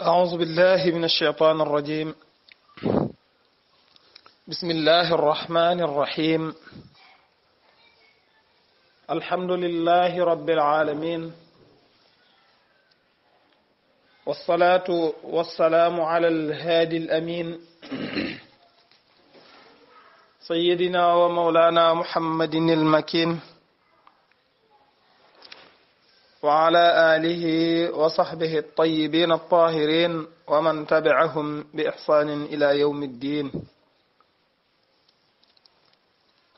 أعوذ بالله من الشيطان الرجيم بسم الله الرحمن الرحيم الحمد لله رب العالمين والصلاة والسلام على الهادي الأمين سيدنا ومولانا محمد المكين وعلى آله وصحبه الطيبين الطاهرين ومن تبعهم بإحسان إلى يوم الدين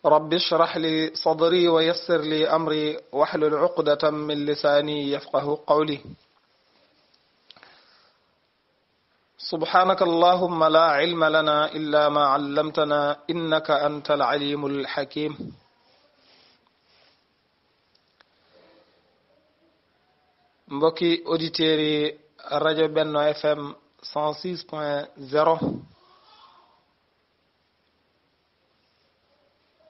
رب اشرح لي صدري ويسر لي أمري واحلل عقدة من لساني يفقه قولي سبحانك اللهم لا علم لنا إلا ما علمتنا إنك أنت العليم الحكيم mbokki auditeur yi radio benno fm 106 point 0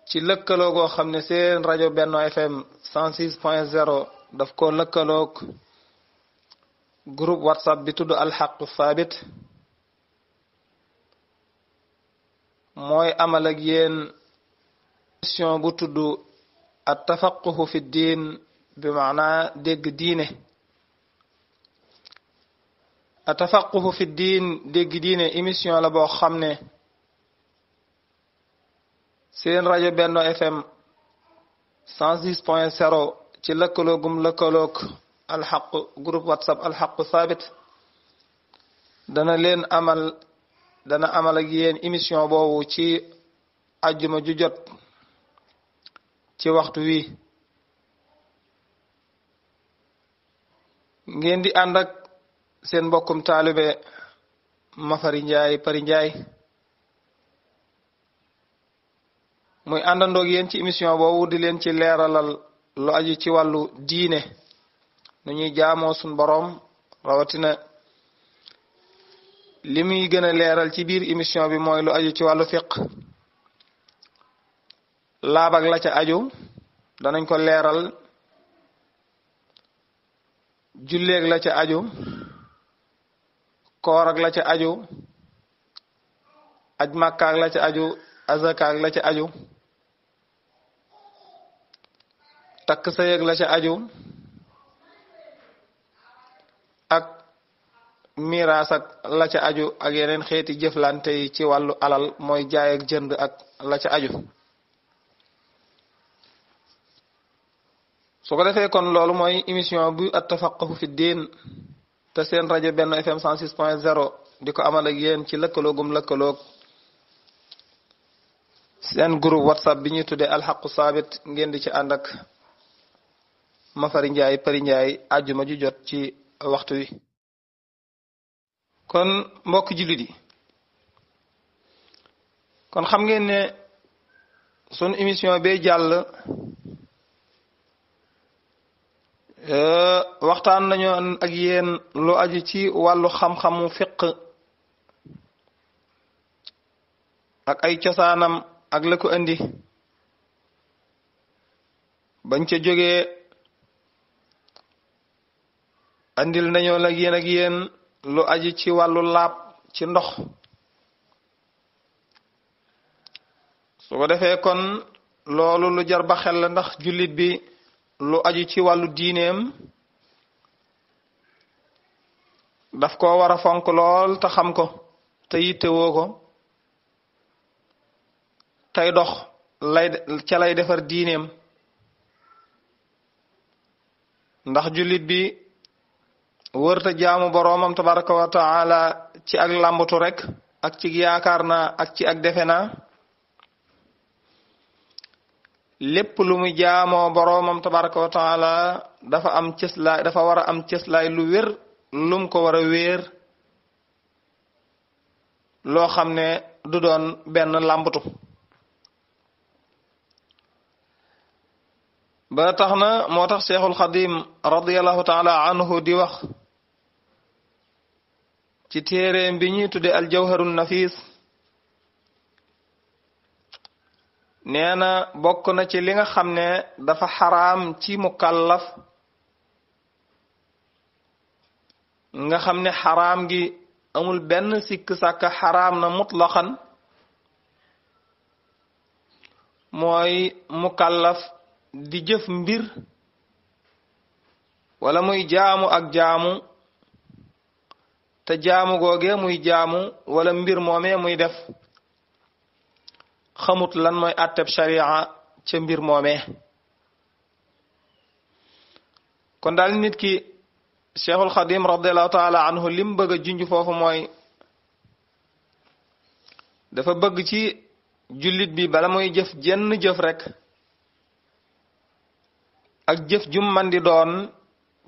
ci lëkkaloo goo xam ne seen radio benno fm 106 point 0 daf koo lëkkaloog groupe whatsapp bi tudd alxaq sabit mooy amal ak yéen mission bu tudd at tafaqahu fi ddin bi maanaa dégg diine atafaquhu fi diin dégg diine émission la boo xam ne seen rajo Benno FM 106 ci lëkkaloogum lëkkaloog alxaq groupe whatsapp alxaqu saabit dana leen amal dana amal ak émission boobu ci ajjuma ju jot ci waxtu wi ngeen di ànd sen mbokkum taaluɓe mafari ndiay pari ndiay muy andandoog yen ci émission boo wurdi leen ci leeralal lu aju ci wàllu diine nu ñuy jaamoo sun boroom rawatina li muy gën a leeral ci biir émission bi mooy lu aju ci wàllu fiq laabak la ca aju danañ ko leeral julleeg la ca aju koor ak la ci aju aj Makka ak la ci aju azaka ak la ci aju takk sëy ak la ci aju ak miraas ak la ci aju ak yeneen xeeti jëflante yi ci wàllu alal mooy jaay ak jënd ak la aju su ko defee kon loolu mooy émission bu attafaqahu fi diin te seen rajo benn FM 106 point di ko amal ak yéen ci lëkkaloogum lëkkaloog seen groupe whatsapp bi ñuy tuddee alxaqu saabit ngeen di ci ànd ak Mafari Ndiaye Pari Ndiaye àjjuma ju jot ci waxtu wi. kon mbokk jullit yi kon xam ngeen ne sunu émission bee jàll. Euh, waxtaan nañu ak yeen lu aju ci wàllu xam-xamu fiq ak ay cosaanam ak la ko indi bañ ca jógee andil nañoo nag yéen ak yéen lu aju ci wàllu laab ci ndox su ko defee kon loolu lu jar xel la ndax jullit bi lu aju ci wàllu diineem daf ko war a fonk lool te xam ko te yittewoo ko tey dox lay ca lay defar diineem ndax julit bi wërta jaamu boroomam tabaraka wa taala ci ak làmbatu rekk ak ci yaakaar na ak ci ak defe naa lépp lu mu jaamoo boroomam tabaraka wa dafa am cëslaay dafa war a am cëslaay lu wér lum ko war a wéer loo xam ne du doon benn làmbatu ba tax na moo tax Seexul Xadim radiyallahu taala anhu di wax ci téereem bi ñuy al aljawharun nafis neena bokk na ci li nga xam ne dafa xaraam ci mukallaf nga xam ne xaraam gi amul benn sikk sàkk xaraam na mutlaqan mooy mukallaf di jëf mbir walla muy jaamu ak jaamu te jaamu googe muy jaamu walla mbir moomee muy def xamut lan mooy àtteb sharia ca mbir moomee kon daal nit ki cheikhul xadim radiallahu taala lim bëgg a foofu mooy dafa bëgg ci jullit bi bala mooy jëf jenn jëf rekk ak jëf jum man di doon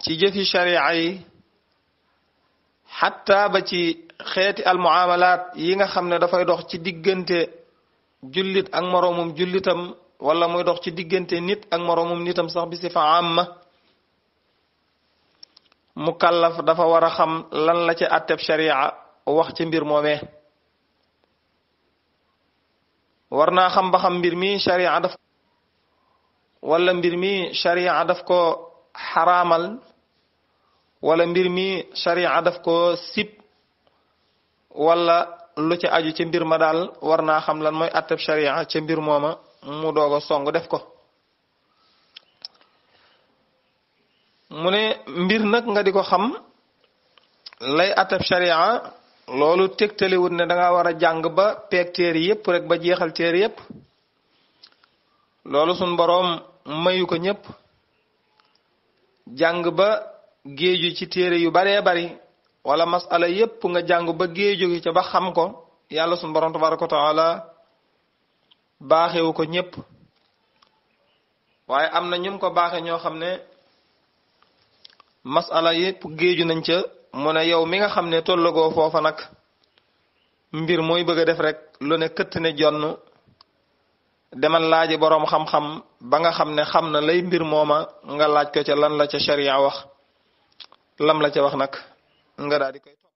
ci jëfi sharia yi xatta ba ci xeeti almuamalat yi nga xam ne dafay dox ci diggante jullit ak moroomum jullitam wala muy dox ci diggante nit ak moroomum nitam sax bi sifa amma mukallaf dafa war a xam lan la ci atteb sharia wax ci mbir moomee war naa xam ba xam mbir mi sharia daf wala mbir mi sharia daf ko xaraamal wala mbir mi sharia daf ko sib wala lu ci aju ci mbir ma daal war naa xam lan mooy atteb sharia ci mbir mooma mu doog a song def ko mu ne mbir nag nga di ko xam lay atteb sharia loolu tegtaliwut ne danga war a jàng ba peeg téere yépp rek ba jeexal téere yépp loolu sun boroom mayu ko ñépp jàng ba géeju ci téere yu baree bari wala masala yépp nga jàng ba géeju ca ba xam ko yàlla sunu borom tabaraka wa taala baaxewu ko ñépp waaye am na ñum ko baaxe ñoo xam ne masala yépp géeju nañ ca mu ne yow mi nga xam ne tollagoo foofa nag mbir mooy bëgg a def rek lu ne këtt ne jonn demal laaji boroom xam-xam ba nga xam ne xam na lay mbir mooma nga laaj ko ca lan la ca sharia wax lam la ca wax nag nga daal di koy topp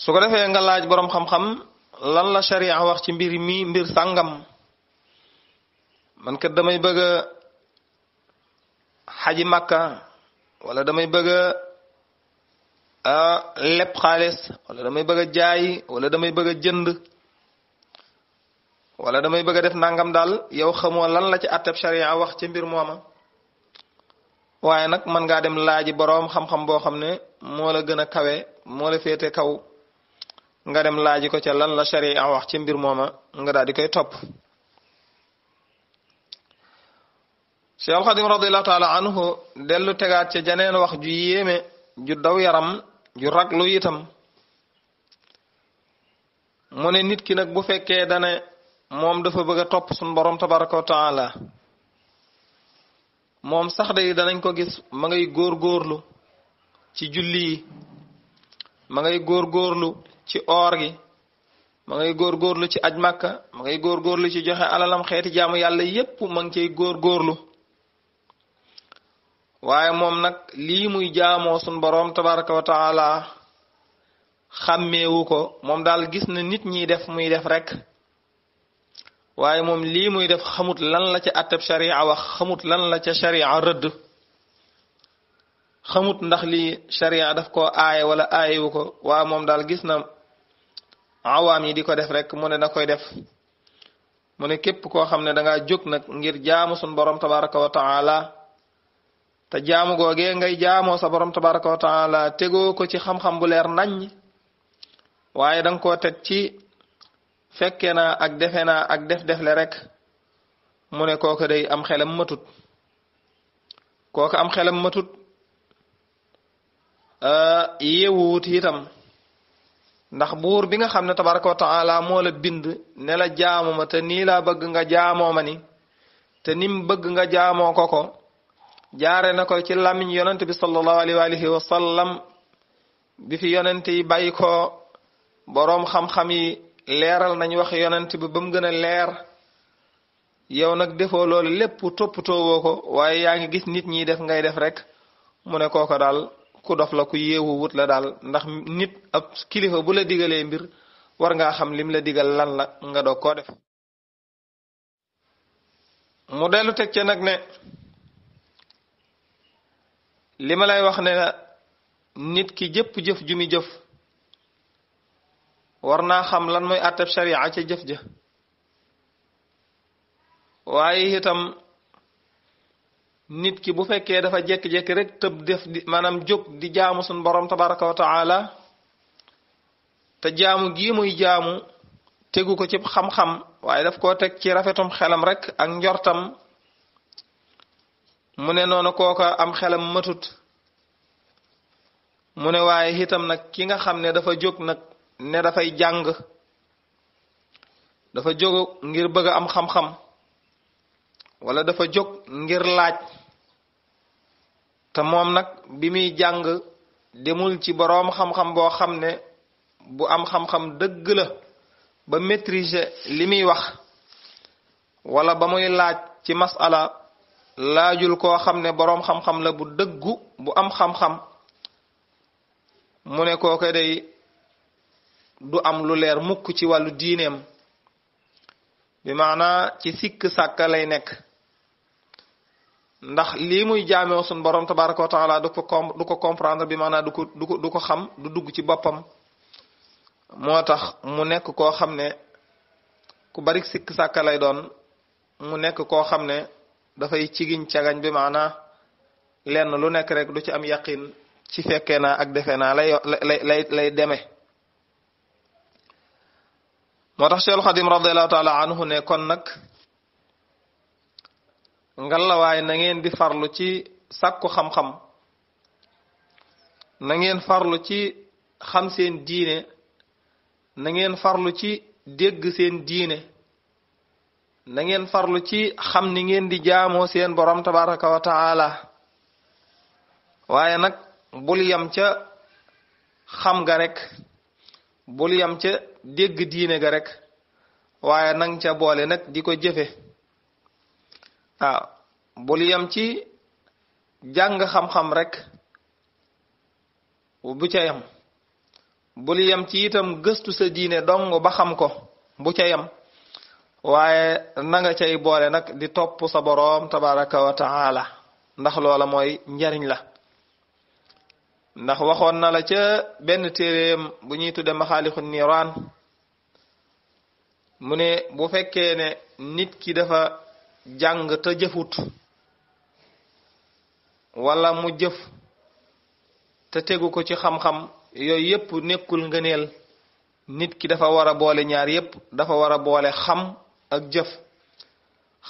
su ko defee nga laaj borom xam-xam lan la sharia wax ci mbir mi mbir sàngam man kat damay bëgg a xaji màkka wala damay bëgg a lepp xaalis wala damay bëgg jaay wala damay bëgg jënd wala damay bëgg def nangam dal? yow xamoo lan la ci atteb sharia wax ci mbir mooma waaye nag man ngaa dem laaji boroom xam-xam boo xam ne moo la gën a kawe moo la féete kaw nga dem laaji ko ca lan la sharia wax ci mbir mooma nga daal di koy topp cheikh alxadim radiallahu taala anhu dellu tegaat ca janeen wax ju yéeme ju daw yaram ju raglu itam mu ne nit ki nag bu fekkee dane moom dafa bëgg a topp sun borom tabaraka wa taala moom sax day danañ ko gis ma ngay góor góorlu ci julli yi ma ngay góor góorlu ci oor gi ma ngay góor góorlu ci aj màkk ma ngay góor góorlu ci joxe alalam xeeti jaamu yàlla yépp ma ngi cay góor góorlu waaye moom nag lii muy jaamoo sun boroom tabaraka wa taala xàmmeewu ko moom daal gis na nit ñiy def muy def rekk waaye moom lii muy def xamut lan la ca àttab sharia wax xamut lan la ca sharia rëdd xamut ndax lii sharia def ko aaye wala aayewu ko waa moom daal gis na awaam yi di ko def rek mu ne da koy def mu ne képp koo xam ne dangaa jóg nag ngir jaamu sun borom tabaraka wa taala te jaamu googee ngay jaamoo sa borom tabaraka wa taala tegoo ko ci xam-xam bu leer naññ waaye danga koo ci fekke naa ak defe naa ak def defle rek mu ne kooka am xelam matut kooka am xelam matut ah, yeewuwut itam ndax buur bi nga xam ne tabaraka wa moo la bind ne la jaamu ma te nii laa bëgg nga jaamoo ma ni te nim bëgg nga jaamoo ko ko jaare na ko ci làmmiñ yonent bi sallallahu alayhi wa alihi wa bi fi yonent yi ko boroom xam-xam yi leeral nañ wax yonente bi bam gën a leer yow nag defoo loolu lépp toppatoowoo ko waaye yaa ngi gis nit ñiy def ngay def rek mu ne kooko daal ku dof la ku yéewu wut la daal ndax nit ab kilifa bu la digalee mbir war ngaa xam lim la digal lan la nga dog koo def mu dellu teg ca nag ne li ma lay wax ne la nit ki jëpp jëf jumi jëf war naa xam lan mooy àttab sharia ca jëf ja waaye itam nit ki bu fekkee dafa jékki-jékki rek tëb def di maanaam jóg di jaamu sun borom tabaraka wa taala te jaamu gii muy jaamu tegu ko ci xam-xam waaye daf koo teg ci rafetum xelam rek ak njortam mu ne noonu kooka am xelam matut mu ne waaye itam nag ki nga xam ne dafa jóg nag ne dafay jàng dafa jóg ngir bëgg am xam-xam wala dafa jóg ngir laaj te moom nag bi muy jàng demul ci boroom xam-xam boo xam ne bu am xam-xam dëgg la ba maîtriser li muy wax wala ba muy laaj ci masala laajul koo xam ne boroom xam-xam la bu dëggu bu am xam-xam mu ne kooke day du am lu leer mukk ci walu diinem bi maana ci sikk sàkka lay nekk ndax lii muy jaamew sun borom tabaraka wa taala du ko du ko comprendre bi maana du ko du ko du ko xam du dugg ci boppam moo tax mu nekk koo xam ne ku bari sikk sàkka lay doon mu nekk koo xam ne dafay cigiñ cagañ bi maana lenn lu nekk rek du ci am yaqin ci fekkee naa ak lay lay lay lay demee moo tax cheikhul xadim radiallahu taala anhu ne kon nag ngallawaay na ngeen di farlu ci sàkku xam-xam na ngeen farlu ci xam seen diine na ngeen farlu ci dégg seen diine na ngeen farlu ci xam ni ngeen di jaamoo seen borom tabaraka wa taala waaye nag bul yam ca xam ga rek bul yam ca dégg diine ga rek waaye nang ca boole nag di ko jëfe bul yam ci jàng xam-xam rek bu ca yam bul yam ci itam gëstu sa diine dong ba xam ko bu ca yam waaye nanga nga cay boole nag di topp sa boroom tabaraka wa taala ndax loola mooy njariñ la ndax waxoon na la ca benn téeréem bu ñuy tudde maxaalixu niiraan mu ne bu fekkee ne nit ki dafa jàng te jëfut wala mu jëf te tegu ko ci xam-xam yooyu yépp nekkul nga neel nit ki dafa war a boole ñaar yépp dafa war a boole xam ak jëf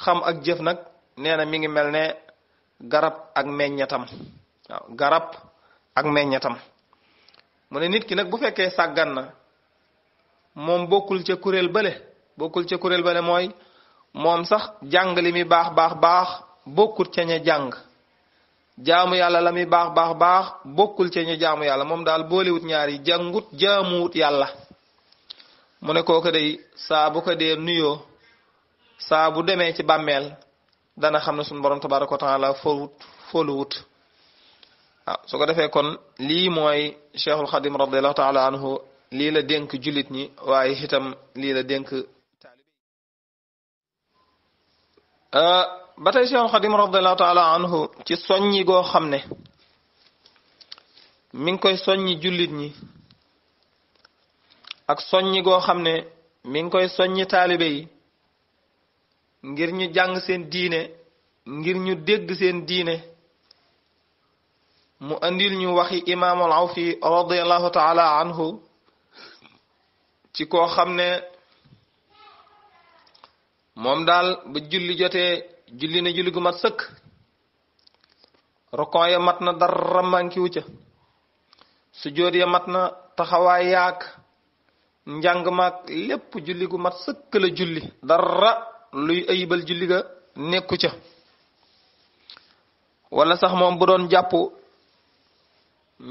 xam ak jëf nag neena na mi ngi mel ne garab ak meññetam waaw garab ak meññetam mu ne nit ki nag bu fekkee sàggan na moom bokkul ca kuréel bale bokkul ca kuréel bale mooy moom sax jàng li mi baax baax baax bokkul ca jàng jaamu yàlla la mi baax baax baax bokkul ca ña jaamu yàlla moom daal boolewut ñaar yi jàngut jaamuwut yàlla mu ne kooku day saa bu ko dee nuyoo saa bu demee ci bàmmeel dana xam ne suñu borom tabaraka wa taala foluwut ah su ko defee kon lii mooy cheikhul xadim radiallahu taala anhu lii la dénk julit ñi waaye itam lii la dénk ah, ba tey cheikhul xadim radiallahu taala anhu ci soññi goo xam ne mi ngi koy soññi jullit ñi ak soññi goo xam ne mi ngi koy soññi taalibe yi ngir ñu jàng seen diine ngir ñu dégg seen diine mu andil ñu waxi imaamul awfi radiallahu taala anhu ci koo xam ne moom daal ba julli jotee julli na julli gu mat sëkk rokon ya mat na dara mànkiwu ca sujjóot ya mat na taxawaay yaak njàng maak lépp julli gu mat sëkk la julli dara luy ayibal julli ga nekku ca wala sax moom bu doon jàpp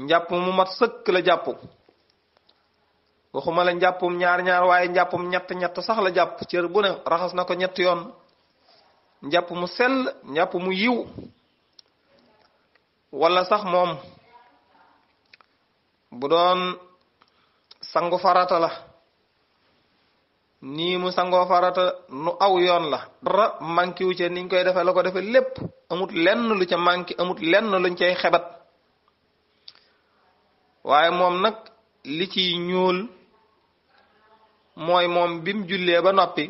njàpp mu mat sëkk la jàpp waxuma la njàppum ñaar ñaar waaye njàppum ñett ñett sax la jàpp cër bu ne raxas na ko ñett yoon njàpp mu sell njàpp mu yiw wala sax moom bu doon sangu farata la ni mu sangoo farata nu aw yoon la ra manki wu ca koy defee la ko defee amut lenn lu ca manki amut lenn luñ cay xebat waaye moom nag li ciy ñuul mooy moom bim jullee ba noppi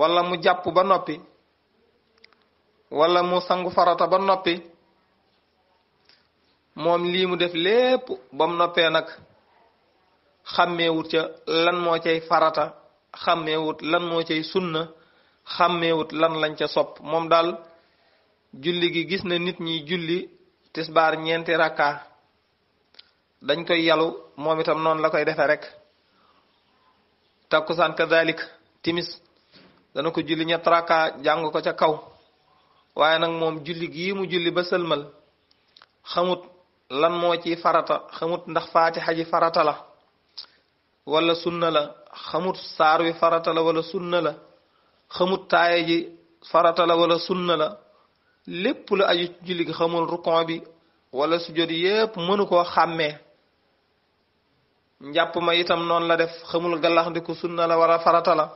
wala mu jàpp ba noppi wala mu sangu farata ba noppi moom lii mu def lépp ba noppee nag xàmmeewut ca lan moo cay farata xàmmeewut lan moo cay sunna xàmmeewut lan lañ ca sopp moom daal julli gi gis na nit ñi julli tisbaar ñeenti rakka dañ koy yalu moom itam noonu la koy defee rek takkusaan kadalik timis dana ko julli ñett raka jàng ko ca kaw waaye nag moom julli gii mu julli ba sëlmal xamut lan moo ci farata xamut ndax faatixa ji farata la wala sunna la xamut saar wi farata la wala sunna la xamut farata la wala sunna la lépp lu aju julli gi xamul bi wala sujjóot yépp mënu koo xàmmee njàpp ma itam noonu la def xamul galax ndiku sunna la wala farata la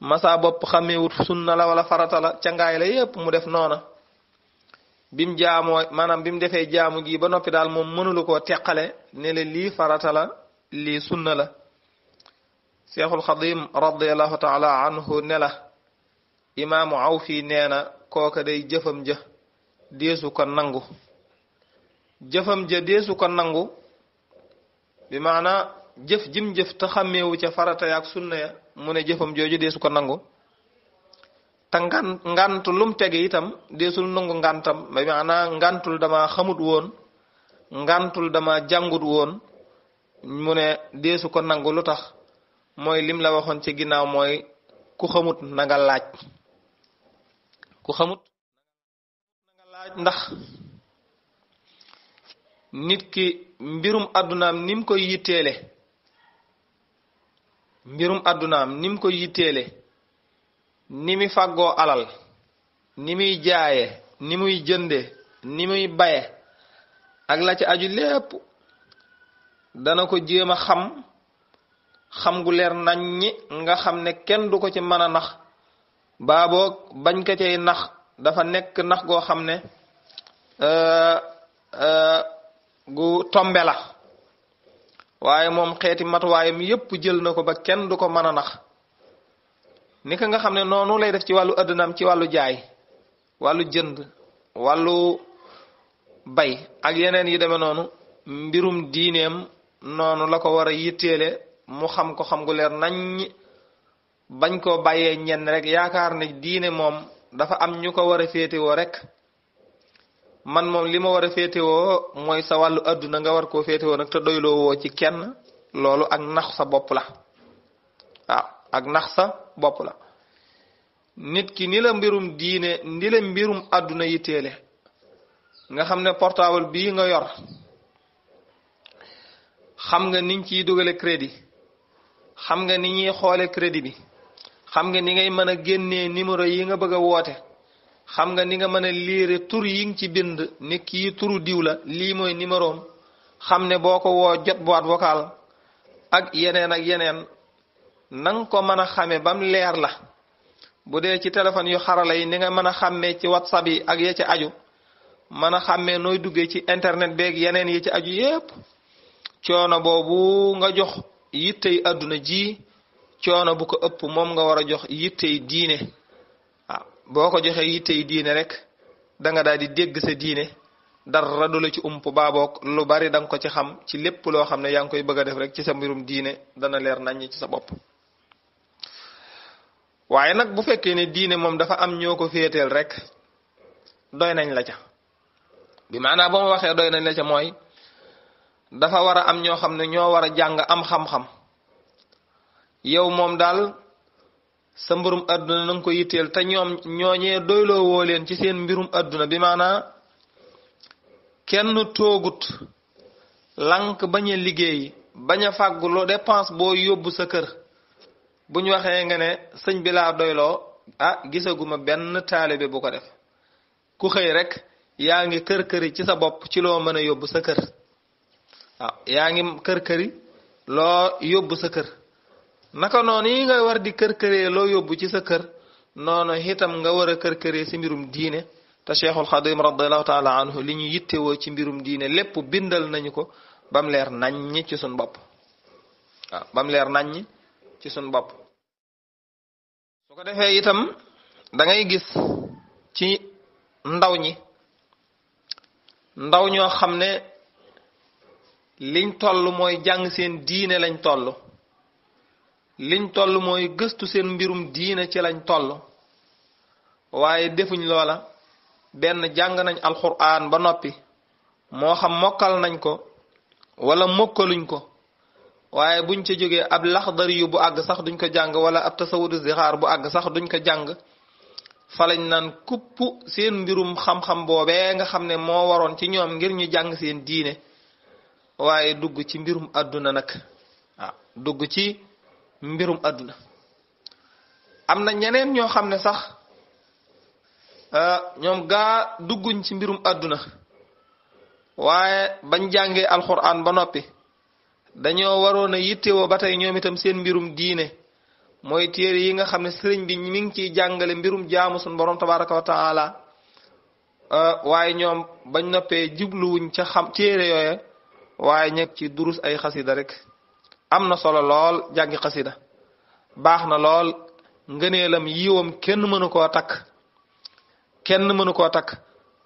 masa bopp xamewut sunna la wala farata la cangaay la yépp mu def noona bim jaamoo maanaam bim defee jaamu gi ba noppi daal moom mënulu koo teqale ne la lii farata la lii sunna la seexul xadim radiallahu taala anhu ne la imaamu aw fii nee na kooka day jëfam jë deesu ko nangu jëfam ja deesu ko nangu bi maana jëf jim jëf te xàmmeewu ca farata yaak sunna ya mu jooju desu ko nangu te ngan ngant tege itam desul nangu ngantam bi maana ngantul dama xamut woon ngantul dama jàngut woon mu ne deesu ko nangu lu tax mooy lim la waxoon ci ginnaaw mooy ku xamut na nga laaj ku xamut na laaj ndax nit ki mbirum àddunaam nim koy yitteele mbirum àddunaam nim koy yitteele ni muy fàggoo alal ni muy jaaye ni muy jënde ni muy baye ak la ci aju lépp dana ko jéem a xam xam gu leer nañ naññi nga xam ne kenn du ko ci mën a nax baaboog bañ ko cay nax dafa nekk nax goo xam ne euh, euh, gu tombe la waaye moom xeeti matuwaayam yépp jël na ko ba kenn du ko mën a nax ni ko nga xam ne noonu lay def ci wàllu ëddanaam ci wàllu jaay wàllu jënd wàllu bay ak yeneen yi deme noonu mbirum diineem noonu la ko war a yitteele mu xam ko xam gu leer nañ bañ koo bàyyee ñenn rek yaakaar ne diine moom dafa am ñu ko war a féete woo rek man moom li ma war a féetewoo mooy sa wàllu àdduna nga war koo féetewoo nag te doyloo woo ci kenn loolu ak nax sa bopp la waaw ak nax sa bopp la nit ki ni la mbirum diine ni la mbirum àdduna yi téele nga xam ne portable bii nga yor xam nga niñ ciy dugale crédit xam nga ni ñuy xoole crédit bi xam nga ni ngay mën a génnee numéro yi nga bëgg a woote xam nga ni nga mën a liire tur yi nga ci bind ni kii turu diw la lii mooy numéroom xam ne boo ko woo jot boîte vocal ak yeneen ak yeneen nanga ko mën a xame bam leer la bu dee ci téléphone yu xarala yi ni nga mën a xàmmee ci whatsapp yi ak ya ci mën a xàmmee nooy duggee ci internet beeg yeneen yi ci aju yépp coono boobu nga jox yittey àdduna ji coono bu ko ëpp moom nga war a jox yittey diine boko joxe yitte diine rek danga daadi dégg sa diine dara dula ci ump baabook lu bari dang ko ci xam ci lépp loo xam ne yaa ngi koy bëgg a def rek ci sa mbirum diine dana leer nañ ci sa bopp waaye nag bu fekkee ne diine moom dafa am ñoo ko féeteel rek doy nañ la ca bi maanaa ba ma waxee doy nañ la ca mooy dafa war a am ñoo xam ne ñoo war a jàng am xam-xam yow moom daal sa mbirum àdduna na nga ko yitteel te ñoom ñooñee doyloo leen ci seen mbirum àdduna bi maanaa kenn toogut lank bañ a liggéey bañ a fàggu loo dépense boo yóbbu sa kër bu ñu waxee nga ne sëñ bi laa doyloo a ah, gisaguma benn taalibe bu ko def ku xëy rek yaa ngi kër këri ci sa bopp ci loo mën a yóbbu sa kër ah, yaa ngi kër këri loo yóbbu sa kër naka noonu yi nga war di kër-këree loo yóbbu ci sa kër noonu itam nga war a kër-këree si mbirum diine te cheikhul xadim radiallahu taala anhu li ñu yittewoo ci mbirum diine lépp bindal nañu ko bam leer naññ ci suñ bopp bam leer naññ ci suñ bopp su ko defee itam dangay ngay gis ci ndaw ñi ndaw ñoo xam ne liñ toll mooy jàng seen diine lañ toll liñ toll mooy gëstu seen mbirum diine ci lañ toll waaye defuñ loola benn jàng nañ alxuraan ba noppi moo xam mokkal nañ ko wala mokkaluñ ko waaye buñ ca jógee ab laxdari yu bu àgg sax duñ ko jàng wala ab tasawudu zixaar bu àgg sax duñ ko jàng falañ naan kupp seen mbirum xam-xam boobee nga xam ne moo waroon ci ñoom ngir ñu jàng seen diine waaye dugg ci mbirum àdduna nag waaw ah, dugg ci mbirum àdduna am na ñeneen ñoo xam ne sax euh, ñoom gaa dugguñ ci mbirum àdduna waaye bañ jàngee alxuraan ba noppi dañoo waroon a yittewoo ba tey ñoom itam seen mbirum diine mooy téere yi nga xam ne sëriñ bi mi ngi ciy jàngale mbirum jaamu sun borom tabaraka wa taala euh, waaye ñoom bañ noppee jubluwuñ ca xam téere yooye waaye ñekk ci durus ay xasida rek am na solo lool jàngi xasida baax na lool ngëneelam yiwam kenn mënu koo takk kenn mënu koo takk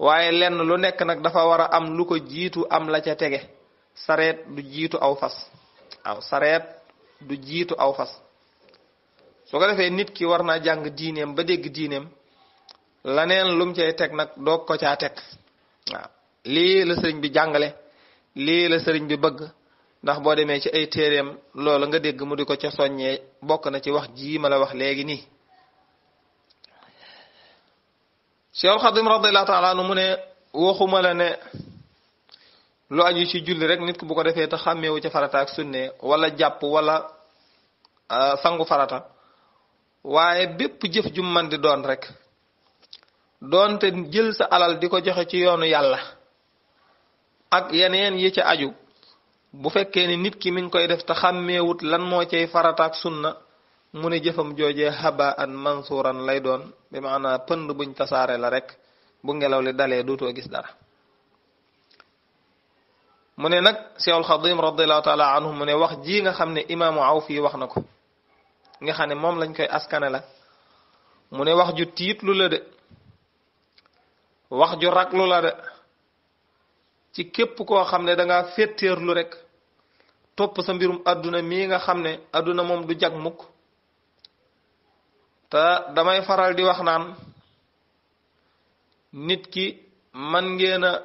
waaye lenn lu nekk nag dafa war a am lu ko jiitu am la ca tege sareet du jiitu aw fas waaw sareet du jiitu aw fas su ko defee nit ki war naa jàng diineem ba dégg diineem laneen lum cay teg nag doog ko caa teg waaw lii la sëriñ bi jàngale lii la sëriñ bi bëgg ndax boo demee ci ay téeréem loola nga dégg mu di ko ca soññee bokk na ci wax jii ma la wax léegi nii Seexul Xadim radiyallahu taala ne waxuma la ne lu aju ci julli rek nit ku bu ko defee te xàmmewu ca farata ak sunne wala jàpp wala euh, sangu farata waaye bépp jëf ju man di doon rek doonte jël sa alal di ko joxe ci yoonu yàlla ak yeneen yi ca aju bu fekkee ne nit ki mi ngi koy def te wut lan moo cay farataak sunna mu ne jëfam joojee haba an mansuuran lay doon bi maanaa pënd buñ tasaare la rek bu ngelaw li dalee dootoo gis dara mu ne nag Seexul Xadim radiallahu taala anhu mu ne wax ji nga xam ne imaamu Awf yi wax na ko nga xam ne moom lañ koy askane la mu ne wax ju tiitlu la de wax ju raglu la de ci képp koo xam ne danga ngaa féeteerlu rek topp sa mbirum àdduna mii nga xam ne àdduna moom du jag mukk te damay faral di wax naan nit ki man ngeen a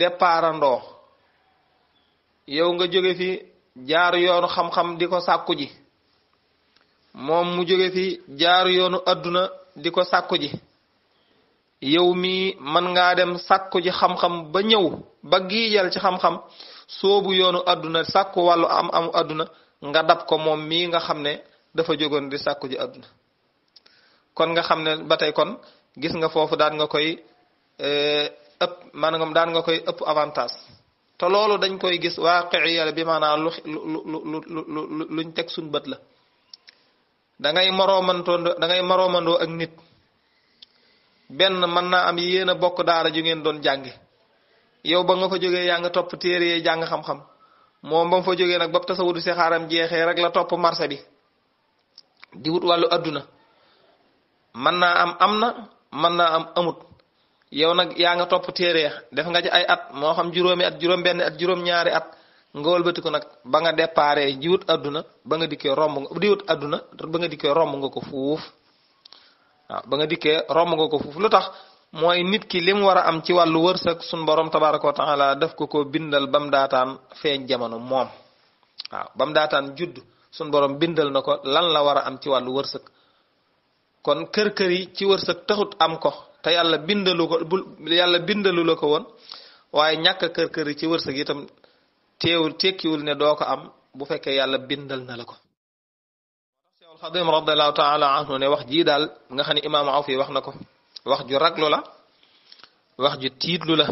départandoo yow nga jóge fi jaar yoonu xam-xam di ko sàkku ji moom mu jóge fi jaar yoonu àdduna di ko sàkku ji yow mii mën ngaa dem sàkku ji xam-xam ba ñëw ba giijal ci xam-xam soobu yoonu àdduna sàkku wàllu am amu àdduna nga dab ko moom mii nga xam ne dafa jógoon di sàkku ji àdduna kon nga xam ne ba tey kon gis nga foofu daan nga koy eh, ëpp maanaam daan nga koy ëpp avantage te loolu dañ koy gis waaqi yàlla bi maanaam lu lu lu luñ teg suñ bët la dangay ngay moroomantoon da ngay moroomandoo ak nit benn mën naa am yéen a bokk daara ju ngeen doon jànge yow ba nga fa jógee yaa nga topp téere yee jàng xam-xam moom ba mu fa jógee nag ba tasawudu si xaaram jeexee rek la topp marché bi diwut wut wàllu adduna mën naa am am na mën naa am amut yow nag yaa nga topp téere ya def nga ci ay at moo xam juróomi at juróom benn at juróom ñaari at nga wëlbatiku nag ba nga déparé jiwut wut ba nga dikkee romb nga di wut adduna ba nga dikkee romb nga ko fuuf waaw ba nga dikkee romb nga ko foofu lu tax mooy nit ki lim war a am ci wàllu wërsëg suñ borom tabaraka wa taala daf ko ko bindal bam daataan feeñ jamono moom waaw bam daataan judd suñ borom bindal na ko lan la war a am ci wàllu wërsëg kon kër kër yi ci wërsëg taxut am ko te yàlla bindalu ko bu yàlla bindalu la ko woon waaye ñàkk kër kër yi ci wërsëg itam teewul tekkiwul ne doo ko am bu fekkee yàlla bindal na la ko xadim radhiyallahu taala anhu ne wax ji dal nga xani ne awfi wax nako wax ju rag lula wax ju tit lula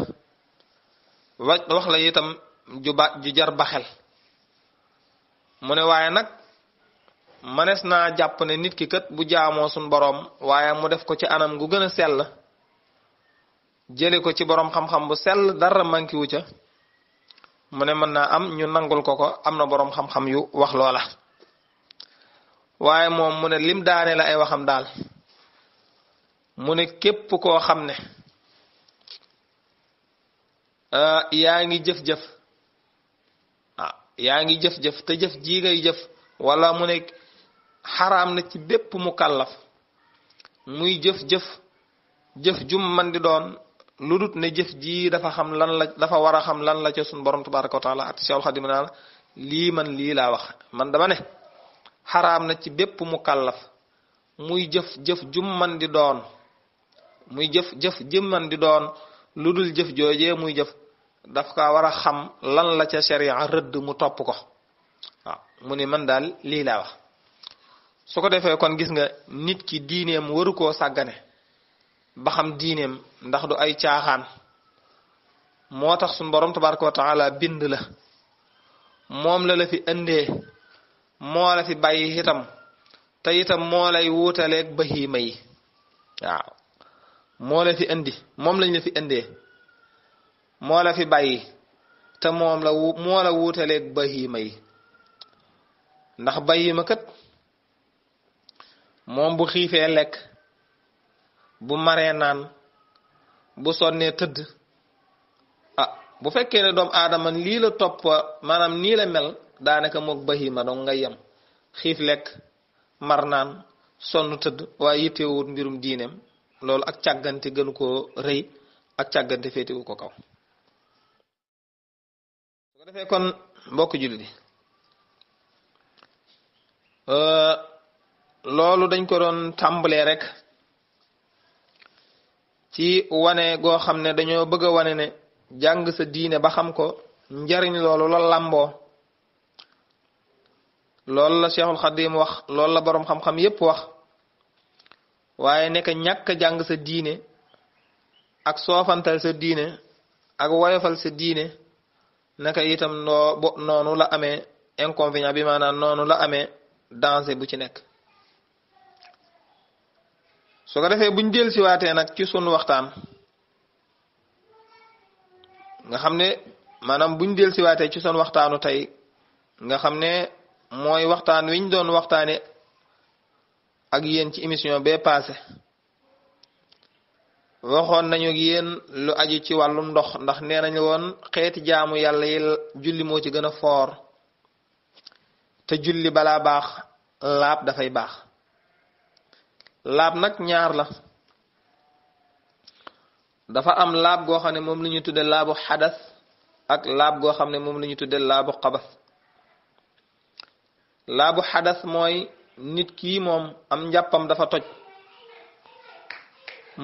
wax la itam ju ba ju jar baxel mune waye nak manes na ne nit ki kat bu jaamoo sun borom waye mu def ko ci anam gu sel, sel jele ko ci sel xam-xam bu sel dara wu ca mune man na am ñu nangul ko ko amna borom xam-xam yu wax lola waaye moom mu ne lim daane la ay waxam daal mu ne képp koo xam ne ah, yaa ngi jëf-jëf ah yaa ngi jëf-jëf te jëf jii ngay jëf wala mu ne xaraam na ci bépp mu kàllaf muy jëf-jëf jëf jum man di doon ludut ne jëf jii dafa xam lan la dafa war a xam lan la ca sun borom tabaraka wa taala at Seexul Xadim naa la lii man lii laa wax man dama ne xaraam na ci bépp mukallaf muy jëf jëf jumman di doon muy jëf jëf jumman di doon lu dul jëf joojee muy jëf daf kaa war a xam lan la ca sharia rëdd mu topp ko mu ni man daal lii laa wax su ko defee kon gis nga nit ki diineem waru koo sàggane ba xam diineem ndax du ay caaxaan moo tax suñu borom tabaraka wa taala bind la moom la la fi indee moo la fi bàyyi itam te itam moo lay wuutaleeg bahiima yi waaw moo la fi indi moom lañ la fi indee moo la fi bàyyi te moom la wu moo la wuutaleeg bahiima yi ndax bahiima kat moom bu xiifee lekk bu maree naan bu sonnee tëdd ah bu fekkee ne doomu aadama lii la topp maanaam nii la mel danaka mok bahima do ngayam xiif lek marnan sonu teud wa yitte wut mbirum dinem lol ak ciaganti gën ko reey ak ciaganti feti ko kaw so defé kon mbok julidi euh lolou dañ ko don tambalé rek ci wané go xamné dañoo bëgg wané né jang sa diiné ba xam ko njariñ loolu la lamboo loolu la Cheikhul Xadim wax loolu la boroom xam-xam yépp wax waaye nekk ñàkk jàng sa diine ak soofantal sa diine ak woyofal sa diine naka itam noo la ame inconvénient bi maanaam noonu la amee danger bu ci nekk su ko defee buñ del siwaatee nag ci sunu waxtaan nga xam ne maanaam buñ del siwaatee ci sunu waxtaanu tey nga xam ne mooy waxtaan wiñ doon waxtaane ak yéen ci émission bee paase waxoon nañu yéen lu aju ci wàllu ndox ndax nee nañu woon xeeti jaamu yàlla yi julli moo ci gën a foor te julli balaa baax laab dafay baax laab nag ñaar la dafa am laab goo xam ne moom la ñu tudde laabu xadas ak laab goo xam ne moom la ñu tudde laabu xabas laabu xadas mooy nit kii moom am njàppam dafa toj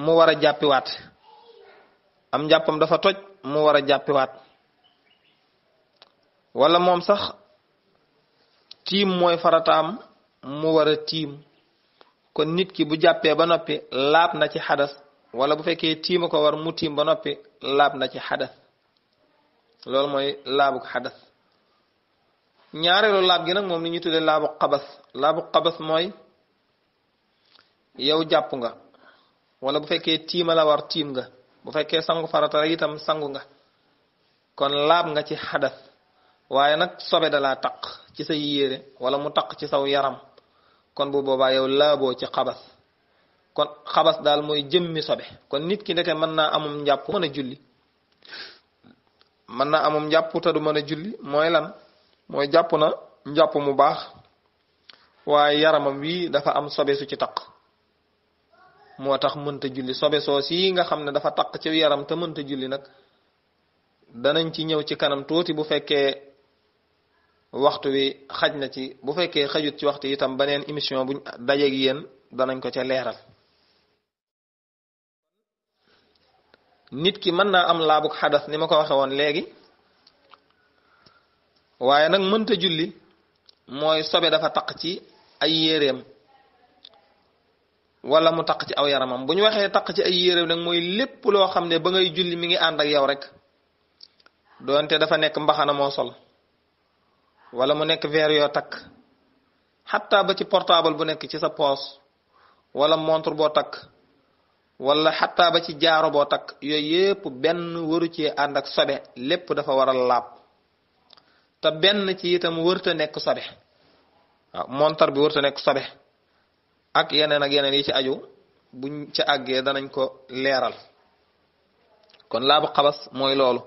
mu war a jàppiwaat am njàppam dafa toj mu war a jàppiwaat wala moom sax tiim mooy farataam mu war a tiim kon nit ki bu jàppee ba noppi laab na ci xadas walla bu fekkee tiima ko war mu tiim ba noppi laab na ci xadas loolu mooy laabuk xadas ñaareelu laab gi nag moom ni ñu tuddee laabu xabas laabu xabas mooy yow jàpp nga wala bu fekkee tiima la war tiim nga bu fekkee sangu faratara rek itam sangu nga kon laab nga ci xadas waaye nag sobe dalaa taq ci sa yére wala mu taq ci saw yaram kon bu boobaa yow laaboo ci xabas kon xabas daal mooy jëmmi sobe kon nit ki ndeke mën naa amum njàpp mën a julli mën naa amum njàpp te du mën a julli mooy lan mooy jàpp na njàpp mu baax waaye yaramam wii dafa am sobe su ci taq moo tax mënta julli sobe soos yi nga xam ne dafa takk ci yaram te mënta julli nag danañ ci ñëw ci kanam tuuti bu fekkee waxtu wi xaj na ci bu fekkee xajut ci waxtu itam beneen émission buñ dajeeg yéen danañ ko ca leeral nit ki mën naa am laabug xadas ni ma ko waxe woon léegi waaye nag mënta julli mooy sobe dafa taq ci ay yéreem wala mu taq ci aw yaramam bu ñu waxee taq ci ay yéreem nag mooy lépp loo xam ne ba ngay julli mi ngi ànd ak yow rek donte dafa nekk mbaxana moo sol wala mu nekk verre yoo takk xatta ba ci portable bu nekk ci sa poos wala montre boo takk wala xatta ba ci jaaro boo takk yooyu yépp benn waru ci ànd sobe lépp dafa war a te benn ci itam wërta nekk sobe waaw montar bi wërta nekk sobe ak yeneen ak yeneen yi ci aju buñ ci àggee danañ ko leeral kon laabu xabas mooy loolu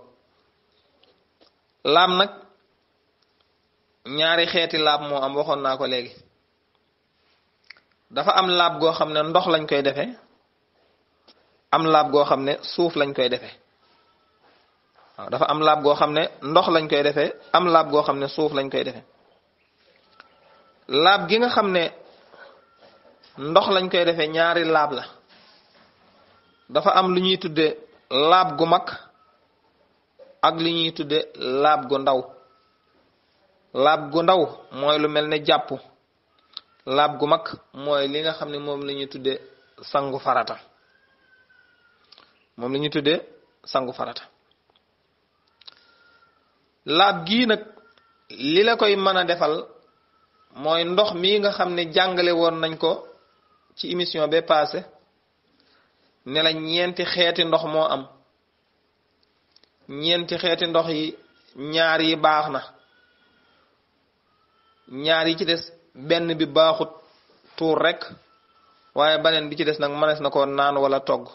laab nag ñaari xeeti laab moo am waxoon naa ko léegi dafa am laab goo xam ne ndox lañ koy defee am laab goo xam ne suuf lañ koy defee dafa am laab goo xam ne ndox lañ koy defee am laab goo xam ne suuf lañ koy defee laab gi nga xam ne ndox lañ koy defee ñaari laab la dafa am lu ñuy tuddee laab gu mag ak li ñuy tuddee laab gu ndaw laab gu ndaw mooy lu mel ne jàpp laab gu mag mooy li nga xam ne moom la ñuy tuddee sangu farata moom la ñuy tuddee sangu farata laab gii nag lii la koy mën a defal mooy ndox mii nga xam ne jàngale woon nañ ko ci émission ba paase ne ñeenti xeeti ndox moo am ñeenti xeeti ndox yi ñaar yi baax na ñaar yi ci des benn bi baaxut tuur rekk waaye beneen bi ci des nag mënees na ko naan walla togg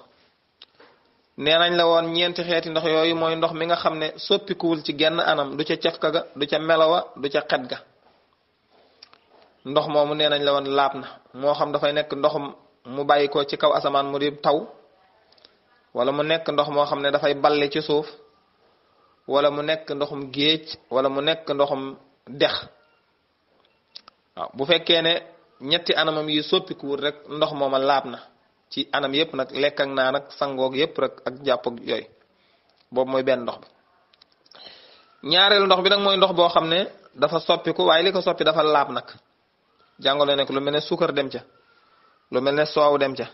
nee nañ la woon ñeenti xeeti ndox yooyu mooy ndox mi nga xam ne soppikuwul ci genn anam du ca cafka ga du ca melowa du ca xet ga ndox moomu nee nañ la woon laab na moo xam dafay nekk ndox mu bàyyi ko ci kaw asamaan mu di taw wala mu nekk ndox moo xam ne dafay balle ci suuf wala mu nekk ndoxum géej wala mu nekk ndoxum dex waaw bu fekkee ne ñetti anamam yi soppikuwul rek ndox mooma laab na ci anam yépp nak lekang ak naan ak sangok yépp rek ak japp ak yoy bob moy ben ndox bi ñaareelu ndox bi nak moy ndox bo xam ne dafa soppi ko way liko soppi dafa lab nak jàngalo nek lu mel sukar dem ca lu soow dem ca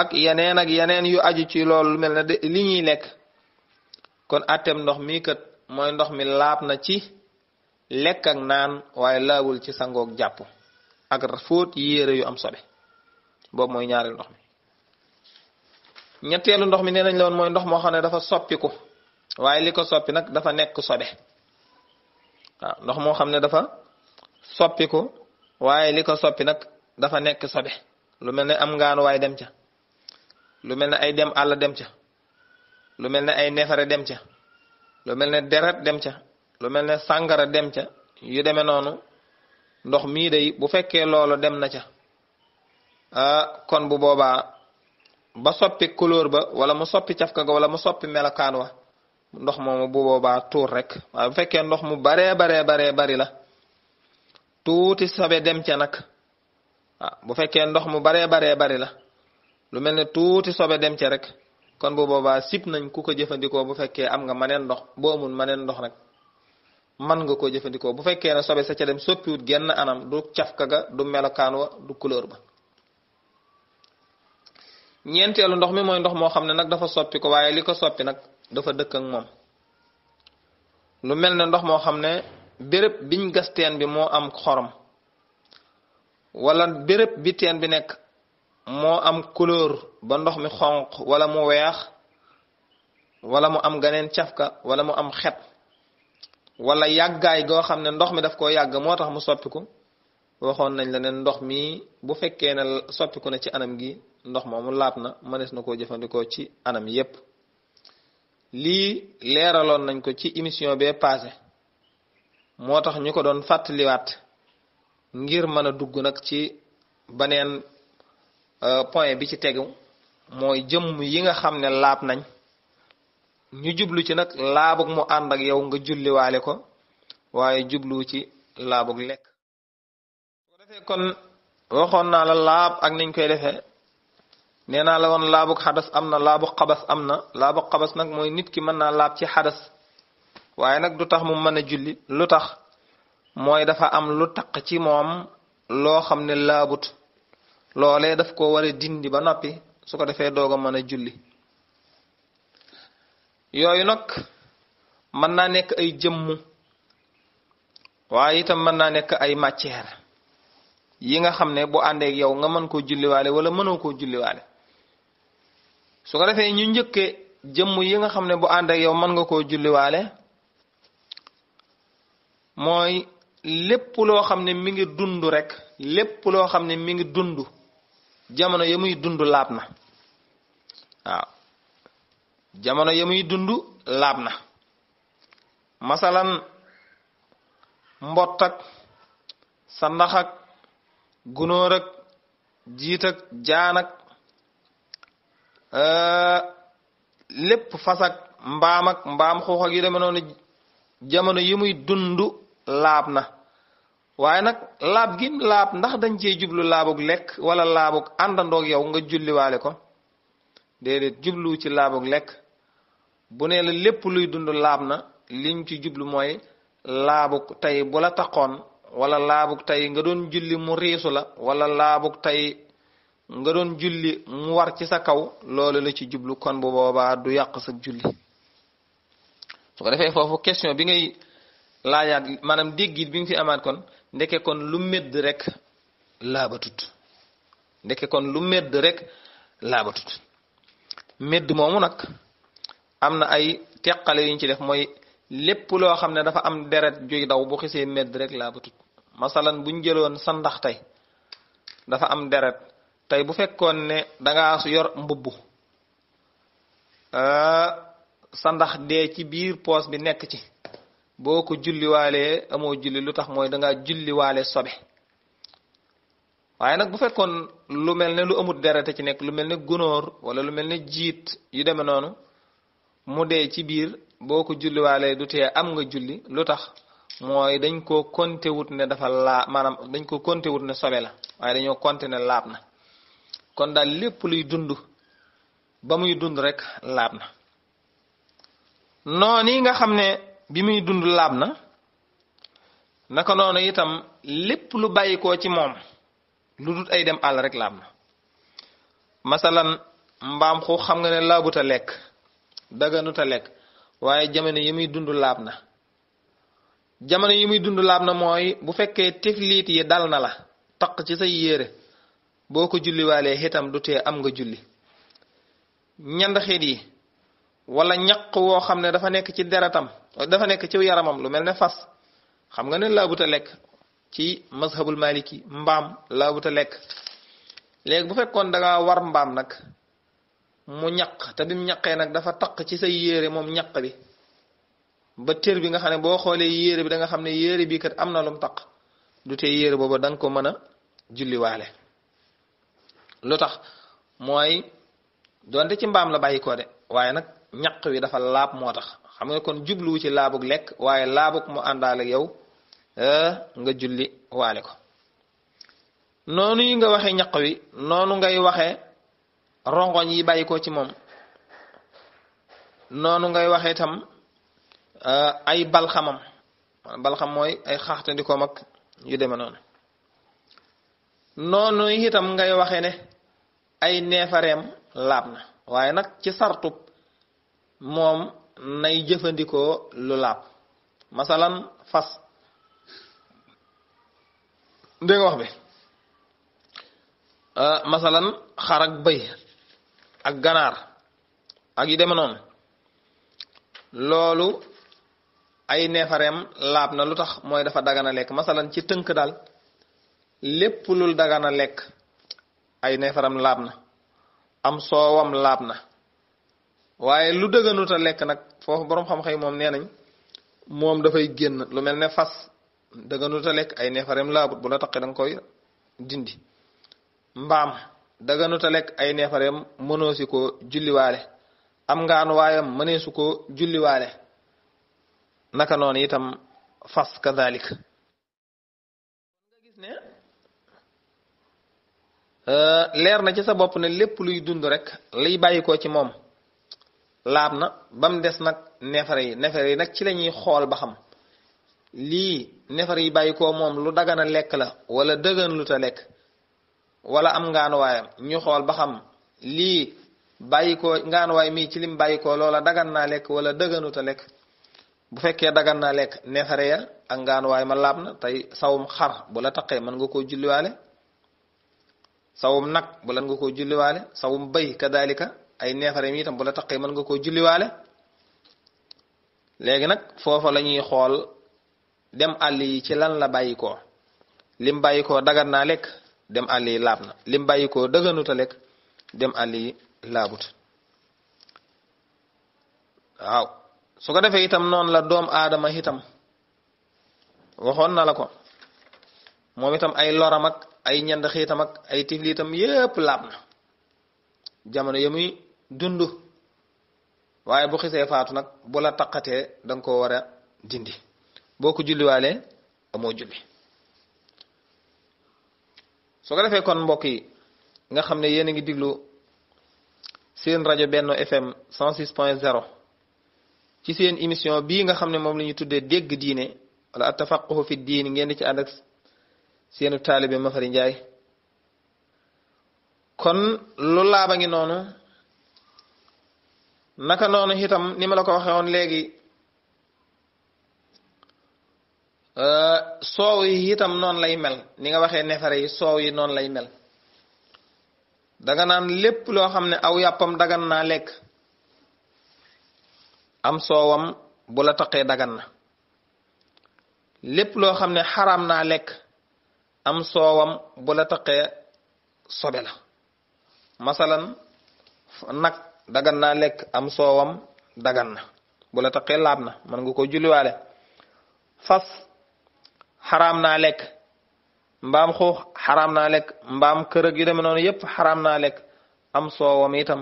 ak yenen ak yenen yu aju ci loolu lu mel li kon atem ndox mi kat moy ndox mi lab na ci lek ak naan way lawul ci sangok japp ak rafoot yu am sobe boobu mooy ñaareelu ndox mi ñetteelu ndox mi ne nañ la woon mooy ndox moo xam ne dafa soppiku waaye li ko soppi nag dafa nekk sobe ndox moo xam ne dafa soppiku waaye li ko soppi nag dafa nekk sobe lu mel ne am ngaanuwaay dem ca lu mel ne ay dem àll dem ca lu mel ne ay neefare dem ca lu mel ne deret dem ca lu mel ne sàngara dem ca yu demee noonu ndox mii day bu fekkee loolu dem na ca Ah, kon bu boobaa ba soppi couleur ba wala mu soppi cafka ga wala mu soppi melokaan wa ndox moomu bu boobaa tuur rek waaye bu fekkee ndox mu baree baree baree bari la tuuti sobe dem ca nag waaw ah, bu fekkee ndox mu baree baree bari la lu mel ne tuuti sobee dem ca rek kon bu boobaa sip nañ ku ko jëfandikoo bu fekkee am nga maneen ndox boo amul maneen ndox rek man nga ko jëfandikoo bu fekkee ne sobe sa ca dem soppiwut genn anam du cafka ga du melokaan wa du couleur ba ñentelu ndox mi moy ndox mo xamne nak dafa soppi ko waye liko soppi nak dafa dëkk ak mom lu melne ndox mo xamne ne béréb biñ gas bi mo am xorom wala béréb bi ten bi nek mo am couleur ba ndox mi xonk wala mu weex wala mu am ganen tiafka wala mu am xet wala yagay go xamne ndox mi daf ko yag motax tax mu soppiku waxon nañ la ne ndox mi bu fekkee ne soppiku na ci anam gi ndox moomu laab na mënees na koo jëfandikoo ci anam yépp lii leeraloon nañ ko ci émission bee passé moo tax ñu ko doon fàttaliwaat ngir mën a dugg nag ci beneen euh, point bi ci tegu mooy jëm yi nga xam ne laab nañ ñu jublu ci nag laabug mu ànd ak yow nga julliwaale ko waaye jublu ci laabug lekk. bu ko kon waxoon naa la laab ak niñ koy defee nee naa la woon laabu xadas am na laabu xabas am na laabu xabas nag mooy nit ki mën naa laab ci xadas waaye nag du tax mu mën a julli lu tax mooy dafa am lu taq ci moom loo xam ne laabut loolee daf koo war a dindi ba noppi su ko defee doog a mën a julli yooyu nag mën naa nekk ay jëmm waaye itam mën naa nekk ay matière yi nga xam ne bu àndeek yow nga mën koo julliwaale wala mënoo koo julliwaale su ko defee ñu njëkke jëmm yi nga xam ne bu ànd ak yow mën nga koo julliwaale mooy lépp loo xam ne mi ngi dund rek lépp loo xam ne mi ngi dund jamono ya muy dund laab na waaw jamono ya muy dund laab na masalan mbottak sa ndax ak gunóor ak jiit ak jaan ak Euh, lépp fasak mbaam ak mbaam xuux ak yu demee noonu jamono yi muy dund laab na waaye nag laab gi laab ndax dañ cee jublu laabug lekk wala laabug àndandoog yow nga julliwaale ko déedéet jublu ci laabug lekk bu nee la lépp luy dund laab na liñ ci jublu mooy laabug tey bu la taxoon wala laabug tey nga doon julli mu riisu la wala laabug tey nga doon julli mu war ci sa kaw loole la ci jublu kon bu boobaa du yàq sa julli su ko defee foofu question bi ngay laajaat maanaam déggit bi nga fi amaat kon ndeke kon lu medd rek laabatut ndeke kon lu medd rek laabatut medd moomu nag am na ay teqale yu ñu ci def mooy lépp loo xam ne dafa am deret juy daw bu xësee medd rek laabatut masalan bu ñu jëloon sandax dafa am deret tawi bu fekkoon ne dangaa su yor mbubb eh, sa ndax dee ci biir poos bi nekk ci boo ko julliwaalee amoo julli lu tax mooy dangaa julliwaale sobe waaye nag bu fekkoon lu mel ne lu amut derete ci nekk lu mel ne gunóor wala lu mel ne jiit yu deme noonu mu dee ci biir boo ko julliwaalee du tee am nga julli lu tax mooy dañ ko konte wut ne dafa laa maanaam dañ ko konte wut ne sobe la waaye dañoo konte ne laab na kon daal lépp luy dund ba muy dund rekk laab na noonu yi nga xam ne bi muy dund laab na naka noonu itam lépp lu bàyyikoo ci moom lu dut ay dem àll rek laab na masalan mbaam xuux xam nga ne laabut a lekk daganut a lekk waaye jamono yi muy dund laab na jamono yi muy dund laab na mooy bu fekkee tifliit yi dal na la taq ci say yére boo ko julliwaalee xitam du tee am nga julli ñandaxit yi wala ñaq woo xam ne dafa nekk ci deretam dafa nekk ci yaramam lu mel ne fas xam nga ne laabuta lekk ci mazhabul maliki mbaam laa laabuta lekk léegi bu fekkoon danga war mbaam nag mu ñaq te bim ñaqee nag dafa taq ci say yére moom ñaq bi ba tër bi nga xam ne boo xoolee yére bi danga xam ne yére bi kat am na lum taq du tee yére booba danga ko mën a julliwaale lu tax mooy donte ci mbaam la bàyyi ko de waaye nag ñaq wi dafa laab moo tax xam nga kon jubluwu ci laabug lekk waaye laabug mu àndaale yow euh, nga julli waale ko noonu yi nga waxe ñaq wi noonu ngay waxe rongoñ yi bàyyi ko ci moom noonu ngay waxe itam euh, ay balxamam balxam mooy ay xaaxtandikoom ak yu deme noonu nonu itam ngay waxé né ay neefareem labna na nak ci sartu mom nay jëfëndiko lu lab masalan fas nga wax euh masalan xarak bay, ak ganar ak yi deme non loolu ay nefarem na dafa dagana lek masalan ci teunk dal lépp lul dagana lekk ay neefaram laab na am soowam laab na waaye lu dëgganuta lekk nag foofu boroom xam-xam yi moom nee nañ moom dafay génn lu mel ne fas dëgganuta lekk ay neefaram laabut bu la taqee da koy dindi mbaam dëgganuta lekk ay neefaram mënoo si ko julliwaale am ngaan waayam mëneesu ko julliwaale naka noonu itam fas kadalik Euh, leer na ci sa bopp ne lépp luy dund rek liy bàyyikoo ci moom laab na ba des nag neefare yi neefare yi nag ci lañuy xool ba xam lii neefare yi bàyyikoo moom lu dagana lekk la wala dëgën lu ta wala am ngaanuwaayam ñu xool ba xam lii bàyyikoo ngaanuwaay mii ci lim bàyyikoo loola dagan naa lekk wala dëgënu ta lekk bu fekkee dagan naa lekk neefare ya ak ngaanuwaay ma laab na tey sawum xar bu la taqee mën nga koo julliwaale sawum nag bu lan nga koo julliwaale sawum bay kadalika ay neefare mi itam bu la taqee mën nga koo julliwaale léegi nag foofa la ñuy xool dem àll yi ci lan la bàyyikoo koo lim bàyyi koo naa lekk dem àll yi laab na lim bàyyikoo koo dëgganuta lekk dem àll yi laabut waaw su ko defee itam noonu la doom aadama itam waxoon na la ko moom itam ay loram ak ay ñand xiitam ak ay tiflitam yépp laab na jamono ya muy dund waaye bu xisee faatu nag bu la taqatee da nga koo war a dindi boo ko julliwaalee amoo julli su ko defee kon mbokk yi nga xam ne yéen diglu seen rajo benno fm 106.0 kisiin ci seen émission bii nga xam ne moom la ñu tuddee dégg diine wala atafaquhu fi ngeen ci ànd seenu taalibe Mafari Njaay kon lu laaba ngi noonu naka noonu itam ni ma la ko waxee woon léegi euh, soow yi itam noonu lay mel ni nga waxee nefere yi soow yi noonu lay mel danga naan lépp loo xam ne aw yàppam dagan naa lekk am soowam bu la taqee dagan na lépp loo xam ne xaram naa lekk am soowam bula la taqee sobe la masalan nag dagan naa lekk am soowam dagan na bu la taqee na mën nga ko julliwaale fas xaraam naa lekk mbaam xuux xaraam naa lekk mbaam kërëg yu demee noonu yépp xaraam naa lekk am soowam itam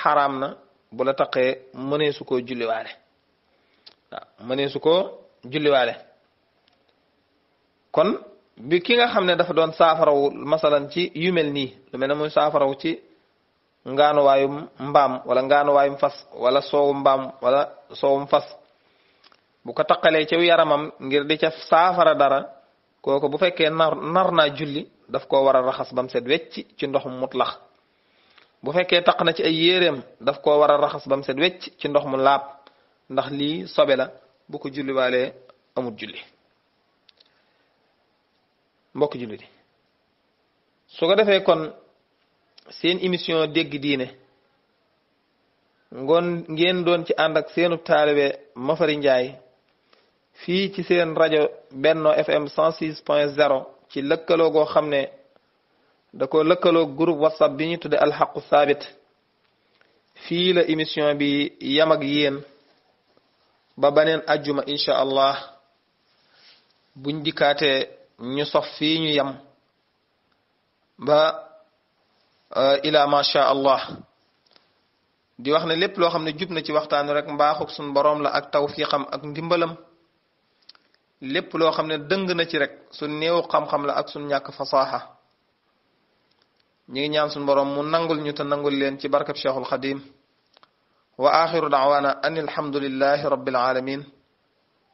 xaraam na bu la taqee mënee su koo julliwaale waaw koo julliwaale kon bi ki nga xam ne dafa doon saafarawu masalan ci yu mel nii lu mel ne muy saafaraw ci ngaanuwaayum mbaam wala ngaanuwaayum fas wala soowu mbaam wala soowum fas bu ko taqalee ci yaramam ngir di ca saafara dara kooku bu fekkee nar naa julli daf koo war a raxas bam set wecc ci ndox mu mutlax bu fekkee taq na ci ay yéreem daf koo war a raxas ba set wecc ci ndox mu laab ndax lii sobe la bu ko julliwaalee amul julli mbokk julludi su ko defee kon seen émission dégg diine ngoon ngeen doon ci ànd ak seenu taalibe mafari njaay fii ci seen rajo benno fm 106 point 0 ci lëkkaloo goo xam ne da ko lëkkaloo groupe whatsapp bi ñu tudde alxaqu saabit fii la émission bi yam ak yéen ba baneen ajjuma incha allah buñ dikkaatee ñu sof fii ñu yam ba ila ma sha allah di wax ne lépp lo xamne jup na ci waxtaan rek mbaaxuk sun borom la ak tawfiqam ak ndimbalam lépp lo xamne deung na ci rek sun néew xam-xam la ak sun ñak fasaha ñi ngi ñaan sun borom mu nangul ñu ta nangul leen ci barkat cheikhul khadim wa akhiru da'wana anil hamdulillahi rabbil alamin